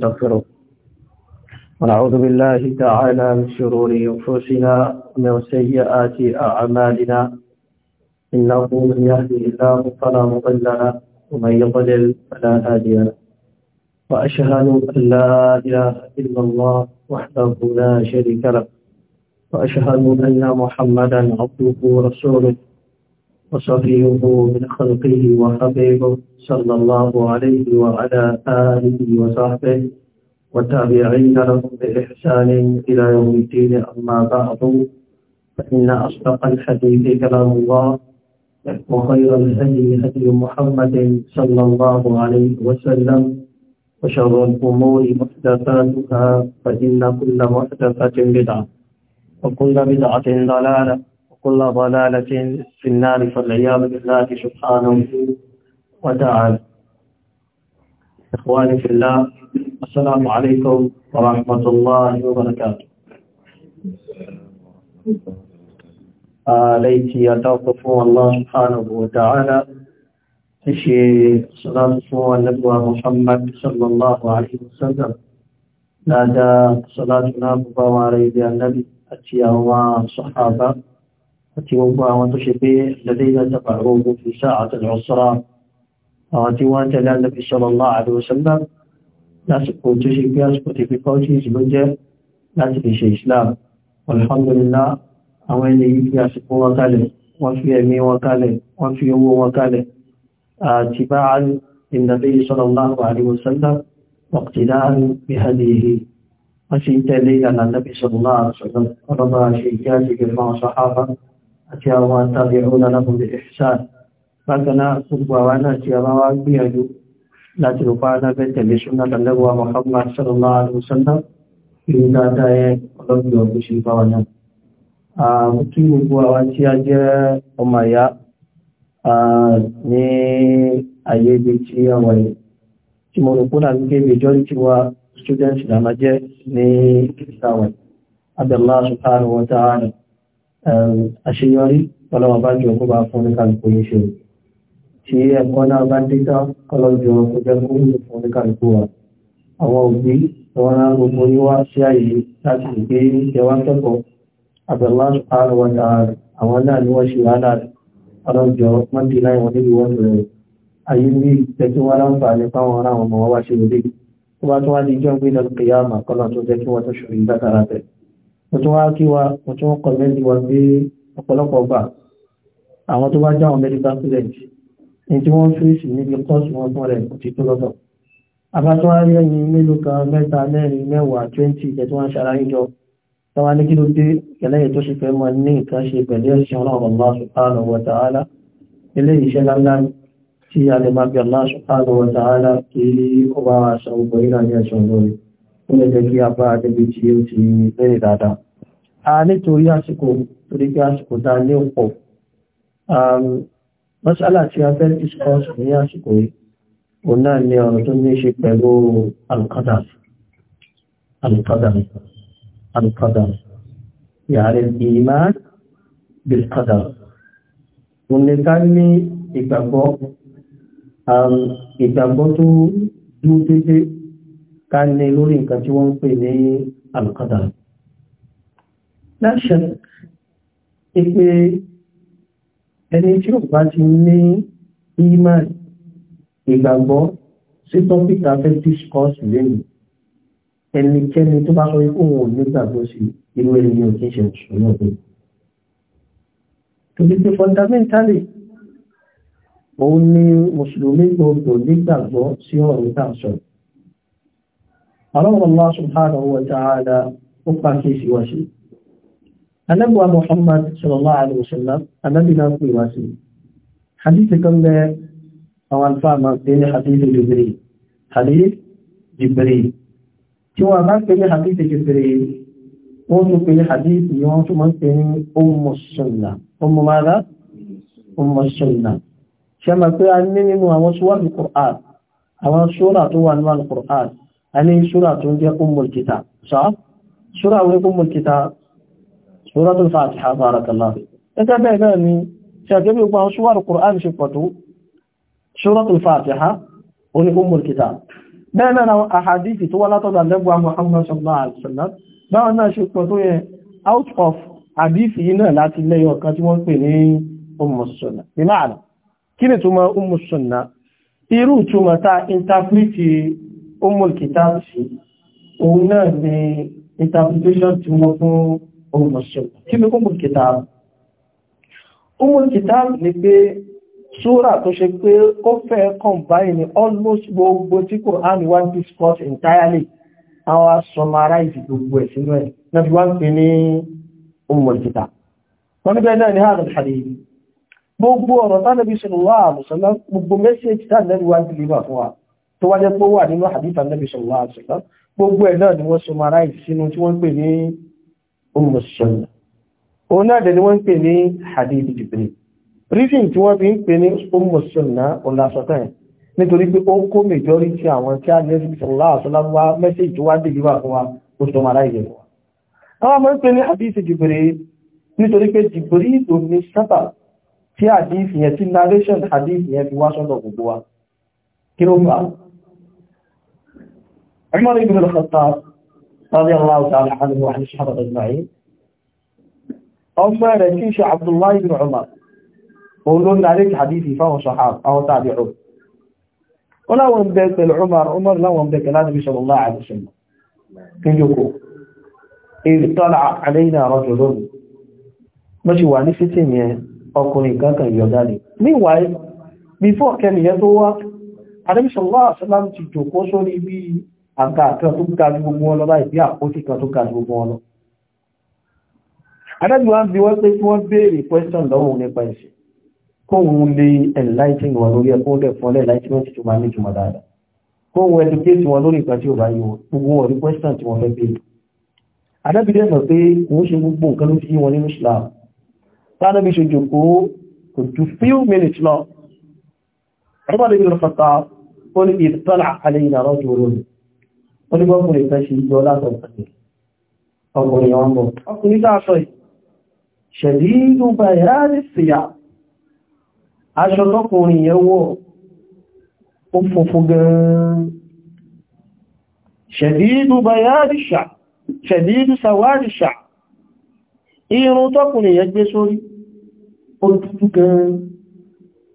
نستغفره ونعوذ بالله تعالى من شرور أنفسنا ومن سيئات أعمالنا إنه من يهده الله فلا مضل له ومن يضلل فلا هادي له وأشهد أن لا إله إلا الله وحده لا شريك له وأشهد أن محمدا عبده ورسوله وصفيه من خلقه وحبيبه صلى الله عليه وعلى آله وصحبه والتابعين لهم بإحسان إلى يوم الدين أما بعد فإن أصدق الحديث كلام الله وخير الهدي هدي محمد صلى الله عليه وسلم وشر الأمور محدثاتها فإن كل محدثة بدعة وكل بدعة ضلالة كل ضلالة في النار فالعياذ بالله سبحانه وتعالى إخواني في الله السلام عليكم ورحمة الله وبركاته عليك أتوقفوا الله سبحانه وتعالى إشي صلاة النبوة محمد صلى الله عليه وسلم نادى نبوة مبارك النبي أتيا وصحابه àti gbogbo àwọn tó ṣe pé lẹ́dẹ́gbẹ́ tàbàrọ̀ ogun fi sáà àtàlẹ̀ ọ̀sọ́ra àwọn tí wọ́n tẹ̀lé àlẹ́bí sallallahu alaihi wasallam lásìkò tó ṣe pé àsìkò ti fi kọ́ọ̀tì ìṣìló jẹ́ láti fi ṣe islam alhamdulillah àwọn ẹni yìí fi àsìkò wọn kalẹ̀ wọ́n fi ẹ̀mí wọn kalẹ̀ wọ́n fi owó wọn kalẹ̀ àti bá àti àwọn àtàrí ọ̀nà lábúrí ìṣàn bákanáà gbogbo àwọn náà tí a máa wá gbìyànjú láti rúpa lábẹ́ tẹ̀lé ṣúná lọ́wọ́ Muhammad sallallahu alaihi wasallam ìlú dáadáa ẹ ọlọ́gbìn ọdún sí bá wọn náà kí gbogbo àwọn tí a jẹ́ ọmọ ìyá ní ayé ibi tí a wà yìí students ìlànà jẹ́ ní ìgbà wọ̀nyí abẹ́lá subhanahu wa ta'ala àṣeyọrí ọlọ́wọ́ bá jọ kóbá fún oníkàlùkù yìí ṣe tí ẹ̀kọ́ náà bá dẹ́ta ọlọ́jọ́ kó jẹ́ kó wúlò fún oníkàlùkù wa àwọn òbí wọn rán gbogbo yíwá sí àyè láti gbé ìjẹwà kẹ́kọ̀ọ́ àbẹ̀lá àrùn wọn àwọn náà ni wọ́n ṣe wàhálà ọlọ́jọ́ mọ́tì láì wọn níbi wọ́n rẹ̀ ayé ní ìtẹ́kí wọn láǹfààní fáwọn ará wọn mọ̀ wọ́n ó tún wá kí wa ó tún kọ̀mẹ́ntì wa pé ọ̀pọ̀lọpọ̀ gbà àwọn tó bá jáwọn medical student ní tí wọ́n fèsì níbi kọ́ọ̀sì wọn fún rẹ̀ kò ti tó lọ́tọ̀ abátúwárí ẹ̀yìn mélòó kan mẹ́ta mẹ́rin mẹ́wàá twenty ìjẹ́ tí wọ́n ń ṣàráyíjọ tọ́wọ́ ní kí ló dé kẹlẹ́yìn tó ṣe fẹ́ mọ́ ní nǹkan ṣe pẹ̀lú ọlọ́run Allah subhanahu wa ta'ala ilé iṣẹ́ lálá tí a lè máa bí Allah subhanahu wa ta'ala kí ó bá wa sọ gbogbo ìlànà ẹ̀sìn lórí nítorí àsìkò torí pé àsìkò dá ní ọ̀pọ̀ mọ́sálà tí a fẹ́ discuss ní àsìkò yìí òun náà ni ọ̀rọ̀ tó ní ṣe pẹ̀lú alùkádà alùkádà alùkádà yàrá ìmá bilkádà òun ni ká ní ìgbàgbọ́ ìgbàgbọ́ tó dúró dédé ká ní lórí nǹkan tí wọ́n ń pè ní alùkádà láṣẹ ìpé ẹni tí ó bá ti ní ìmọ̀ ìgbàgbọ́ sí tọ́pítà fẹ́ discourse lẹ́yìn ẹnikẹ́ni tó bá sọ ikú wọn ò nígbàgbọ́ sí irú ẹni ò kí ṣe ìṣòro ọ̀gbìn torí pé fundamentally òun ni mùsùlùmí gbogbo nígbàgbọ́ sí ọ̀rọ̀ tá a sọ ọlọ́run Allah subhanahu wa ta'ala ó pàkíyèsí wá anábùwà Muhammad sallallahu alaihi wasallam anábì náà pè wá sí hadithi kan bẹ àwọn alfáàmà pé ní hadithi Jibril hadith Jibril tí wọ́n bá pè ní hadithi Jibril wọ́n tún pè ní hadithi ni wọ́n tún máa ń pè ní Ummu Sunna Ummu mada Ummu Sunna ṣe máa pé a ní nínú àwọn suwárù Qur'an àwọn ṣúra tó wà nínú Qur'an a ní ṣúra tó ń Kitab sọ́ ṣúra wọ́n Kitab Suratul Fatiha barakallah. Ẹgbẹ́ bẹ́ẹ̀ náà ni ṣàgẹ́bí ogun àwọn ṣúwàrù Kùránì ṣe pọ̀tó, Suratul Fatiha, oní Ummul Kitab. Bẹ́ẹ̀ náà àwọn àhàdìsì tó wá látọ̀dọ̀ lẹ́gbọ́ Muhammad sallallahu alaihi wasallam, báwọn náà ṣe pọ̀tó yẹn out of àdìsì yìí náà láti lẹ́yọ kan tí wọ́n pè ní Ummus Sunnah. Bí máa kí ni túmọ̀ Ummus Sunnah? Irú túmọ̀ ta interpreti Ummul Kitab sí, òun náà ni interpretation tí wọ́n fún ọmọ ṣẹ́kù kí ni Ummul Kitab Ummul Kitab ni pé ṣúra tó ṣe pé ó fẹ́ combine almost gbogbo tí Kùránì wá discuss entirely our summarize gbogbo ẹ̀ sínú ẹ̀ náà fi wá ń pè ní Ummul Kitab wọ́n níbẹ̀ náà ni hàn hadith gbogbo ọ̀rọ̀ tánàbí sallallahu alaihi wasallam gbogbo mẹ́sẹ̀ẹ́jì tánàbí wá ń dìlíbà fún wa tó wájẹ́ pé wà nínú hadith tánàbí sallallahu alaihi wasallam gbogbo ẹ̀ náà ni wọ́n summarize sínú tí wọ́n pè ní Umm Salama òun náà dẹ̀ ni wọ́n ń pè ní hadith Jibril briefing tí wọ́n fi ń pè ní Umm Salama ọ̀làsọ̀tẹ̀ nítorí pé ó kó majority àwọn tí a lẹ́sìn sọ̀lá àṣọláwá mẹ́sẹ̀jì tó wá dìlú wà fún wa ó sọ mara ìyẹ̀ wa àwọn mọ́ ń pè ní hadith Jibril nítorí pé Jibril tí hadith yẹn tí narration رضي الله تعالى عنه وعن الصحابة أجمعين أما رسيش عبد الله بن عمر قولون عليك حديثي فهو صحاب أو تابعون ولا ومبيك العمر عمر لا لا النبي صلى الله عليه وسلم كن يقول إذ طلع علينا رجل ماشي وعلي ستين أكوني كاكا يوداني meanwhile before كان يدوك على مش الله عليه وسلم تجوكو بي àga kan tó ga ju gbogbo wọn lọ báyìí bí àpótí kan tó ga ju gbogbo wọn lọ adájú wa ń bi wọ́n pé kí wọ́n béèrè question lọ́wọ́ nípa ẹ̀sìn kóhun lè enlighten wọn lórí ẹ̀kọ́ dẹ̀ fún ọlẹ́ enlightenment tó máa ní jùmọ̀ dáadáa kóhun educate wọn lórí ìgbà tí ó bá yíwọ gbogbo wọn rí question tí wọ́n fẹ́ béèrè adájú dẹ̀ sọ pé kò ń ṣe gbogbo nǹkan ló ti yí wọn nínú Islam ó ní bọ́kùnrin fẹ́ ṣe ìjọ látọ̀ ọkùnrin wọn bọ̀. ọkùnrin láàtọ̀ ṣẹ̀dí gbogbo ẹ̀yà rí síyà aṣọ tọ́kùnrin yẹn wọ̀ ó funfun gan-an ṣẹ̀dí gbogbo ẹ̀yà rí ṣà ṣẹ̀dí sàwárí ṣà irun tọ́kùnrin yẹn gbé sórí ó dúdú gan-an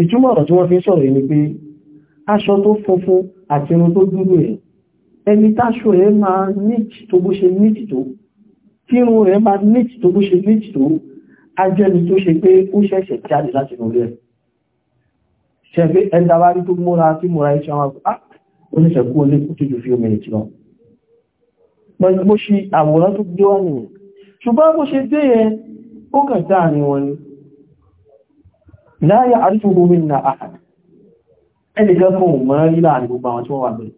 ìtumọ̀ ẹni táṣò rẹ̀ máa níjì tó bó ṣe níjì tó tí irun rẹ̀ máa níjì tó bó ṣe níjì tó ajẹ́ni tó ṣe pé ó ṣẹ̀ṣẹ̀ jáde láti inú rẹ̀ ṣẹ̀fẹ́ ẹ̀dàwárí tó múra tí múra iṣẹ́ wọn oníṣẹ̀kú olé kú tó jù fi omi ìtì lọ pẹ̀lú bó ṣe àwòrán tó gbé wọ́n nìyàn ṣùgbọ́n bó láyé àrífò gómìnà àhàd ẹnìkan fún mọ́ rí láàrin gbogbo àwọn tí wọ́n wà bẹ̀rẹ̀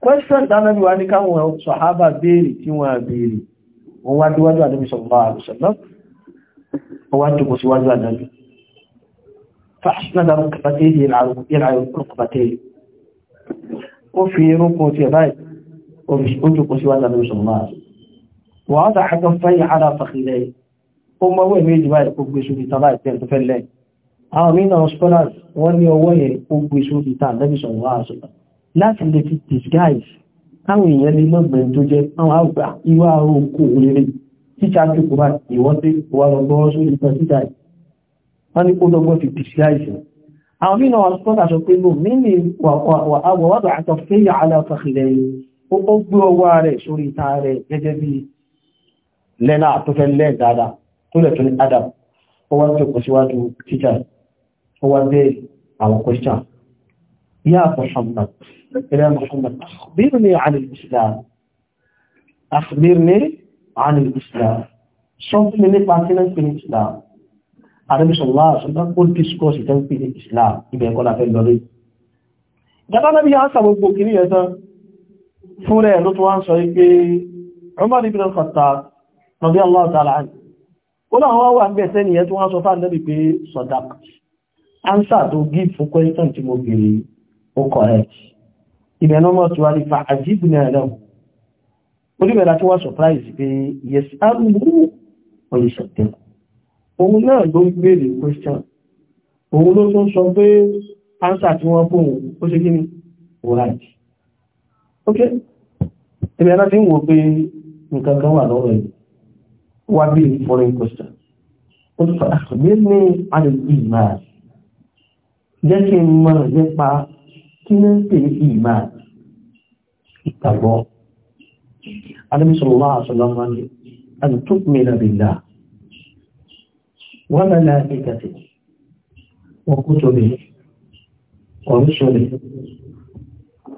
question tánàbí wá ní káwọn sọ̀hábà béèrè tí wọ́n béèrè wọ́n wá díwájú àdébí sallallahu alaihi wasallam wọ́n wá dùkú síwájú àdébí fàṣínàdà rúkàtàtì ìràyò rúkàtàtì ó fi rúkù ti ẹ̀báyì ó dùkú síwájú àdébí sallallahu wọ́n dá àjọ fẹ́yì ara fàkìlẹ̀ ó mọ́wé méjì báyìí kó gbé sórí tàbá ìpẹ́ tó fẹ́ lẹ́ àwọn mìíràn scholars wọ́n ní ọwọ́ yẹn ó gbé sórí tàbí sọ̀rọ̀ àṣọ̀tàn láti lè fi disguise táwọn èèyàn lè lọ́gbẹ̀ẹ́ tó jẹ́ àwọn àgbà ìwà oòkú orílẹ̀ títà tí kò bá ìwọ́n tí wà lọ́gbọ́ sórí ìtàn títà wọ́n ní kó lọ́gbọ́ fi disguise àwọn mí náà sọ́tà sọ pé lò mí ní wàwọ́dọ̀ àtọ̀fẹ́yà aláfàkìlẹ̀ ó gbé ọwọ́ rẹ̀ sórí ìta rẹ̀ gẹ́gẹ́ bí lẹ́nà àtọ́fẹ́ lẹ́ dáadáa tó lẹ̀ tó ní adam ó wá ń tó kọ síwájú títà ó wá bẹ́ẹ̀ àwọn question يا محمد يا محمد أخبرني عن الإسلام أخبرني عن الإسلام sọ fún mi nípa tí náà ń pè ní islam arẹ́bíṣọ́lá ṣọ́dá kó discourse ìtẹ́ ń pè ní islam ibẹ̀ ẹ̀kọ́ la fẹ́ lọ́rí ìjọba náà bí yá sàmù gbogbo kìí ẹ̀sán fún rẹ̀ ló tó wá ń sọ pé Umar ibn al-Khattab radiyallahu ta'ala anhu ó láwọn wà ń bẹ̀ẹ́sẹ́ nìyẹn tó wá ń sọ fáà lẹ́bí pé sọ̀dá answer tó give fún question tí mo bèèrè ó correct ibẹ̀ náà mọ́ tí wá ní fa àjíbù ní ẹ̀lẹ́wò oníbẹ̀rẹ̀ tí wọ́n surprise pé yes arúgbó olùsọ̀tẹ̀ òun náà ló ń béèrè question òun ló tún sọ pé answer tí wọ́n fún ó ṣe kí ni right ok ibẹ̀ náà ti ń wo pé nǹkan kan wà lọ́rọ̀ yìí wá bí foreign question ó tún fa ah, àkàbí ní àdìgbì máa jẹ́ kí n mọ̀ nípa kí ní pè ní ìmá ìgbàgbọ́ alẹ́mísọ̀lọ́wọ́ àṣọlọ́wọ́ ní an tu'mina billah wa malaikatihi wa kutubihi wa rusulihi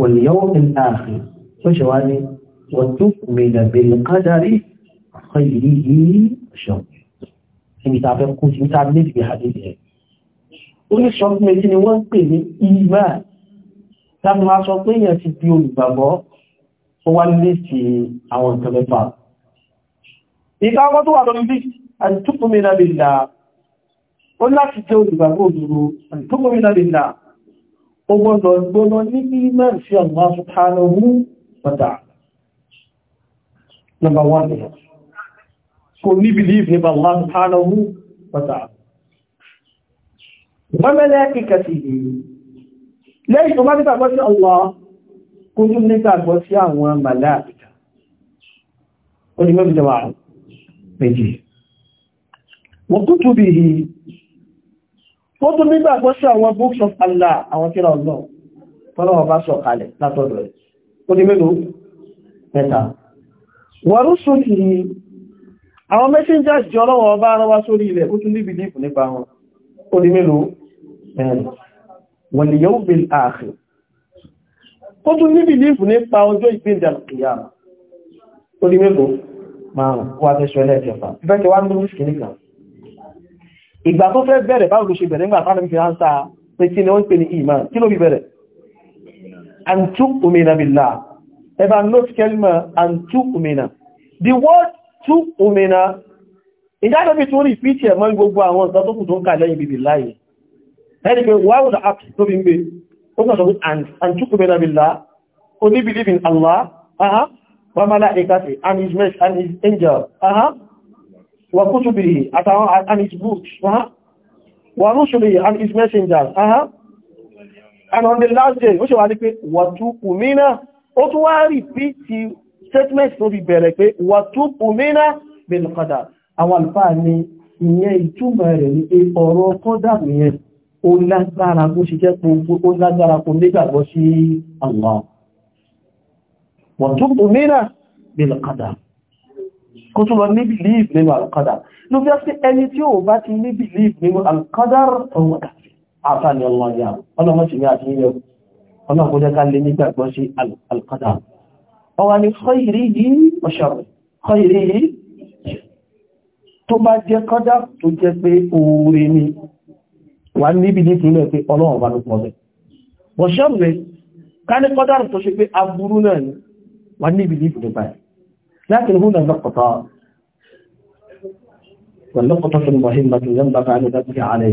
wal yawmil akhir tó ṣe wá ní wa tu'mina bil qadari khayrihi wa sharrihi ibi ta fẹ́ kú sí ta lè tábí máa sọ pé èèyàn ti di olùgbàgbọ́ ó wá nílé sí àwọn nǹkan mẹ́fà ìkáwọ́ tó wà lórí bí àtúkùnmínà lè là ó láti jẹ́ olùgbàgbọ́ òdúró àtúkùnmínà lè là ó gbọ́dọ̀ gbọ́dọ̀ ní bí mẹ́rin sí Allah subhanahu wa ta'ala number one kò ní wọ́n mẹ́lẹ́ kíkà sí lẹ́yìn tó bá nígbàgbọ́ sí Allah kó ní nígbàgbọ́ sí àwọn màláàpìtà ó ní mẹ́bí jẹwà méjì wọ́n tó tó bí i ó tó nígbàgbọ́ sí àwọn books of Allah àwọn kíra ọlọ́ tọ́lọ́wọ́ bá sọ kalẹ̀ látọ̀dọ̀ ẹ̀ ó ní mẹ́ta wal-yawm al-akhir ó tún ní bìlífù nípa ọjọ́ ìgbéǹdà kìyàmà ó di mẹ́kọ̀ọ́ márùn wà fẹ́ sọ ẹlẹ́ẹ̀kẹfà fẹ́ kẹwàá ń lórí kìíní kan ìgbà tó fẹ́ bẹ̀rẹ̀ báwo ló ṣe bẹ̀rẹ̀ nígbà tánà fi ránṣà pé kí ni ó ń pè ní ìmá kí ló fi bẹ̀rẹ̀ àǹtú òmìnà bìlá ẹba note kelma àǹtú òmìnà the word tú òmìnà ìdájọ́ bí tó rí fíìtì ẹ̀mọ́ gbogbo àwọn ọ̀sán tó kù tó ń kà lẹ́yìn bìbì láyìí ẹni pé wáwù da ápì tó bí ń gbé ó sọ sọ àǹtúkù bẹ́ẹ̀ lábílá ó ní believe in Allah aha wa malaikati and his mess and his angel aha wa kutubihi àtàwọn and his books aha wa rusulihi and his messengers aha and on the last day ó ṣe wà ní pé wàtúkù mìíràn ó tún wá rí pí ti statement tó fi bẹ̀rẹ̀ pé wàtúkù mìíràn bil qadar àwọn àlùfáà ni ìyẹn ìtumọ̀ rẹ̀ ní pé ọ̀rọ̀ kọ́dà nìyẹn ó lágbára kó ṣe jẹ́ gbogbo ó lágbára kó nígbàgbọ́ sí Allah wọ̀n tó kò mìíràn bí lọ́kàdà kó tó lọ ní believe nínú alkadar ló bí á sí ẹni tí ó bá ti ní believe nínú alkadar Allah ya ọlọ́mọ́ sí ní àti yíyọ ọlọ́mọ́ jẹ́ ká lè nígbàgbọ́ sí alkadar ọwà ni khairihi wa sharrihi khairihi tó bá jẹ́ kọ́dá tó jẹ́ pé oore ni wà níbi ní kí ilẹ̀ pé ọlọ́run bá ló pọ̀ lẹ̀. bọ̀ ṣọ́bùrẹ̀ ká ní kọ́dárù tó ṣe pé aburú náà ni wà níbi ní ìfìdí báyìí láti ní húnà lọ́kọ̀tọ̀ wọ̀lọ́kọ̀tọ̀ tó mọ̀ hìmà tó yẹn bàbá ní dábí ààrẹ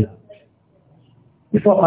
ìfọ́pá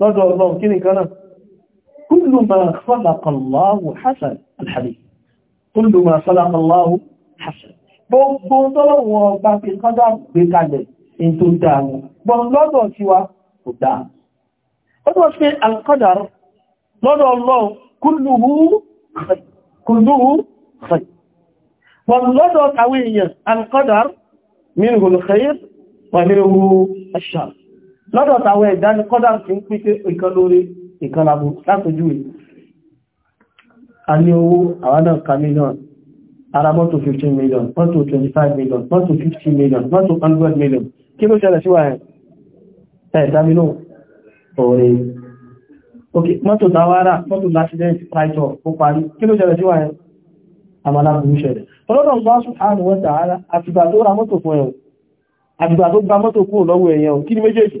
lọ́dọ̀ ọlọ́run kí nìkan náà kullu ma khalaqa Allahu hasan al-hadith kullu ma khalaqa Allahu hasan gbogbo tọ́lọ̀wọ̀n ọba fi kọ́dá gbé kalẹ̀ in tó dáa gbọ́n lọ́dọ̀ tí wa kò dáa ó tó ṣe al-qadar wọ́n lọ́dọ̀ lọ́dọ̀ tàwọn ẹ̀dá ni kọ́dá ti ń pín pé ìkan lórí ìkan labo látọjú rẹ̀ a ní owó àwádà ka million ara mọ́tò 15 million mọ́tò 25 million mọ́tò 50 million mọ́tò 100 million kí ló ṣẹlẹ̀ síwá ẹ̀ ẹ̀dáminú ọ̀rẹ́ ok mọ́tò tàwárà mọ́tò l'accident pàìtọ̀ ó parí kí ló ṣẹlẹ̀ síwá ẹ̀ àmàlábùrú ṣẹlẹ̀ ọlọ́dọ̀ bá sùn àrùn wọ́n tààrà àtìgbà tó ra mọ́tò fún ẹ̀ àtìgbà tó gba mọ́tò kúrò lọ́wọ́ ẹ̀yẹn kí ni méjèèjì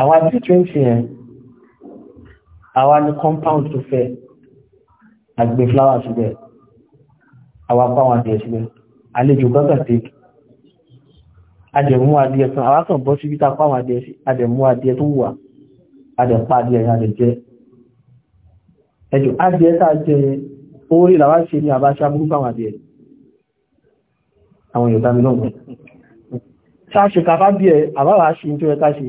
àwa tí twenty yẹn ní compound tó fẹ́ àgbẹ̀ flower síbẹ̀ àwa pa àwọn adìyẹ síbẹ̀ àlejò gbọ́gbà tè àjẹ̀mú adìyẹ tán àwa kàn bọ́ síbi tá a pa àwọn adìyẹ sí àjẹ̀mú adìyẹ tó wà àjẹ̀pá adìyẹ yẹn àjẹ̀jẹ́ ẹjọ́ adìyẹ tá a jẹ orí làwa ṣe ní àbáṣá burúkú àwọn adìyẹ àwọn yorùbá mi náà mọ̀ ṣáà ṣe kàfá bí ẹ àbáwá ṣe ní tó yẹ ká ṣe